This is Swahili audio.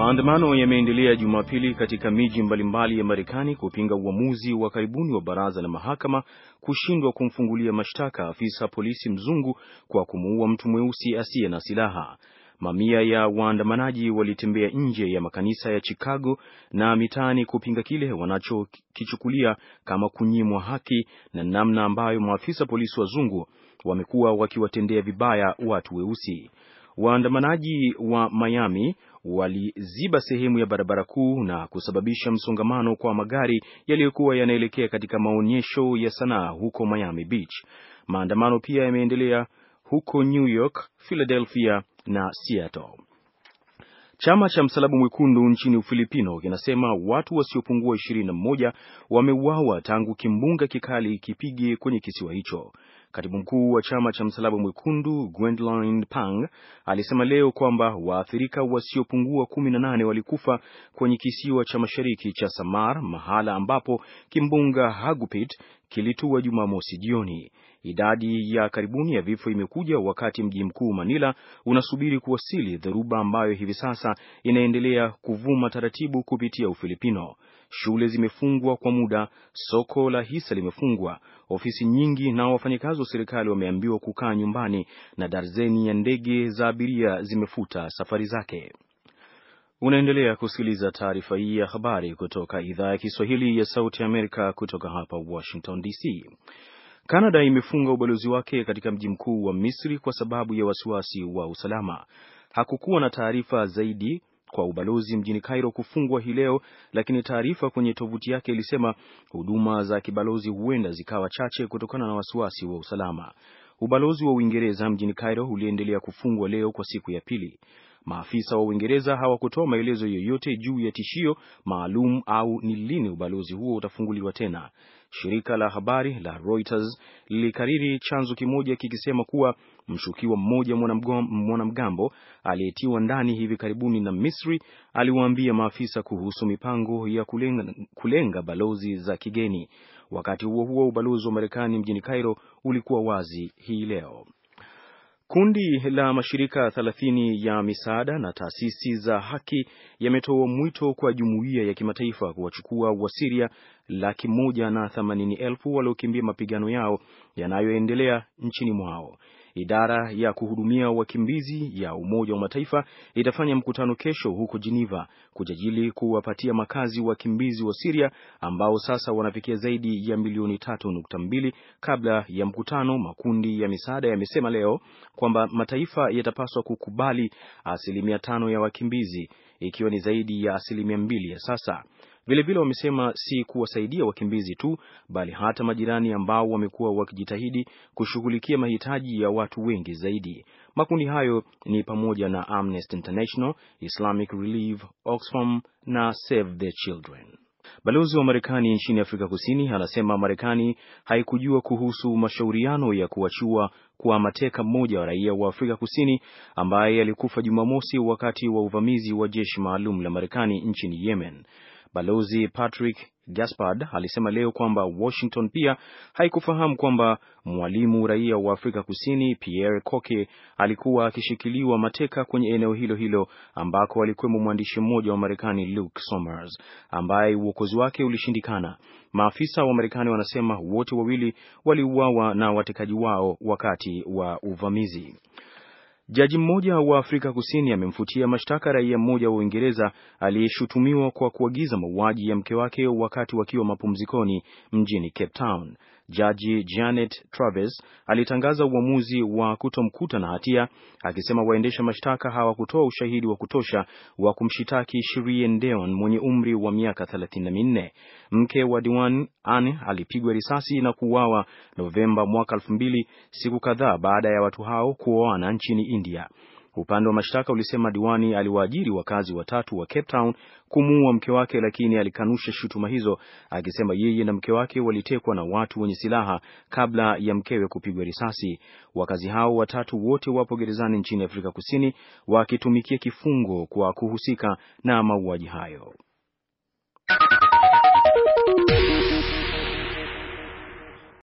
Maandamano yameendelea Jumapili katika miji mbalimbali ya Marekani kupinga uamuzi wa karibuni wa baraza la mahakama kushindwa kumfungulia mashtaka afisa polisi mzungu kwa kumuua mtu mweusi asiye na silaha. Mamia ya waandamanaji walitembea nje ya makanisa ya Chicago na mitaani kupinga kile wanachokichukulia kama kunyimwa haki na namna ambayo maafisa polisi wazungu wamekuwa wakiwatendea vibaya watu weusi. Waandamanaji wa Miami waliziba sehemu ya barabara kuu na kusababisha msongamano kwa magari yaliyokuwa yanaelekea katika maonyesho ya sanaa huko Miami Beach. Maandamano pia yameendelea huko New York, Philadelphia na Seattle. Chama cha Msalaba Mwekundu nchini Ufilipino kinasema watu wasiopungua 21 wameuawa tangu kimbunga kikali kipige kwenye kisiwa hicho. Katibu mkuu wa chama cha Msalaba Mwekundu Gwendolyn Pang alisema leo kwamba waathirika wasiopungua kumi na nane walikufa kwenye kisiwa cha mashariki cha Samar, mahala ambapo kimbunga Hagupit kilitua Jumamosi jioni. Idadi ya karibuni ya vifo imekuja wakati mji mkuu Manila unasubiri kuwasili dhoruba ambayo hivi sasa inaendelea kuvuma taratibu kupitia Ufilipino shule zimefungwa kwa muda, soko la hisa limefungwa, ofisi nyingi na wafanyakazi wa serikali wameambiwa kukaa nyumbani na darzeni ya ndege za abiria zimefuta safari zake. Unaendelea kusikiliza taarifa hii ya habari kutoka idhaa ya Kiswahili ya Sauti ya Amerika kutoka hapa Washington DC. Kanada imefunga ubalozi wake katika mji mkuu wa Misri kwa sababu ya wasiwasi wa usalama. Hakukuwa na taarifa zaidi kwa ubalozi mjini Cairo kufungwa hii leo, lakini taarifa kwenye tovuti yake ilisema huduma za kibalozi huenda zikawa chache kutokana na wasiwasi wa usalama. Ubalozi wa Uingereza mjini Cairo uliendelea kufungwa leo kwa siku ya pili. Maafisa wa Uingereza hawakutoa maelezo yoyote juu ya tishio maalum au ni lini ubalozi huo utafunguliwa tena. Shirika la habari la Reuters lilikariri chanzo kimoja kikisema kuwa mshukiwa mmoja mwanamgambo aliyetiwa ndani hivi karibuni na Misri aliwaambia maafisa kuhusu mipango ya kulenga, kulenga balozi za kigeni. Wakati huo huo, ubalozi wa Marekani mjini Cairo ulikuwa wazi hii leo. Kundi la mashirika 30 ya misaada na taasisi za haki yametoa mwito kwa jumuiya ya kimataifa kuwachukua Wasiria laki moja na themanini elfu waliokimbia mapigano yao yanayoendelea nchini mwao. Idara ya kuhudumia wakimbizi ya Umoja wa Mataifa itafanya mkutano kesho huko Geneva kujadili kuwapatia makazi wakimbizi wa Siria ambao sasa wanafikia zaidi ya milioni tatu nukta mbili. Kabla ya mkutano, makundi ya misaada yamesema leo kwamba mataifa yatapaswa kukubali asilimia tano ya wakimbizi ikiwa ni zaidi ya asilimia mbili ya sasa. Vilevile wamesema si kuwasaidia wakimbizi tu, bali hata majirani ambao wamekuwa wakijitahidi kushughulikia mahitaji ya watu wengi zaidi. Makundi hayo ni pamoja na Amnesty International, Islamic Relief, Oxfam na Save the Children. Balozi wa Marekani nchini Afrika Kusini anasema Marekani haikujua kuhusu mashauriano ya kuachiwa kwa mateka mmoja wa raia wa Afrika Kusini ambaye alikufa Jumamosi wakati wa uvamizi wa jeshi maalum la Marekani nchini Yemen. Balozi Patrick Gaspard alisema leo kwamba Washington pia haikufahamu kwamba mwalimu raia wa Afrika Kusini Pierre Koke alikuwa akishikiliwa mateka kwenye eneo hilo hilo ambako alikuwemo mwandishi mmoja wa Marekani Luke Somers ambaye uokozi wake ulishindikana. Maafisa wa Marekani wanasema wote wawili waliuawa na watekaji wao wakati wa uvamizi. Jaji mmoja wa Afrika Kusini amemfutia mashtaka raia mmoja wa Uingereza aliyeshutumiwa kwa kuagiza mauaji ya mke wake wakati wakiwa mapumzikoni mjini Cape Town. Jaji Janet Traves alitangaza uamuzi wa kutomkuta na hatia akisema waendesha mashtaka hawakutoa ushahidi wa kutosha wa kumshitaki Shirien Deon mwenye umri wa miaka 34. Mke wa Diwan an alipigwa risasi na kuuawa Novemba mwaka 2000, siku kadhaa baada ya watu hao kuoana nchini India. Upande wa mashtaka ulisema Diwani aliwaajiri wakazi watatu wa Cape Town kumuua mke wake, lakini alikanusha shutuma hizo, akisema yeye na mke wake walitekwa na watu wenye silaha kabla ya mkewe kupigwa risasi. Wakazi hao watatu wote wapo gerezani nchini Afrika Kusini wakitumikia kifungo kwa kuhusika na mauaji hayo.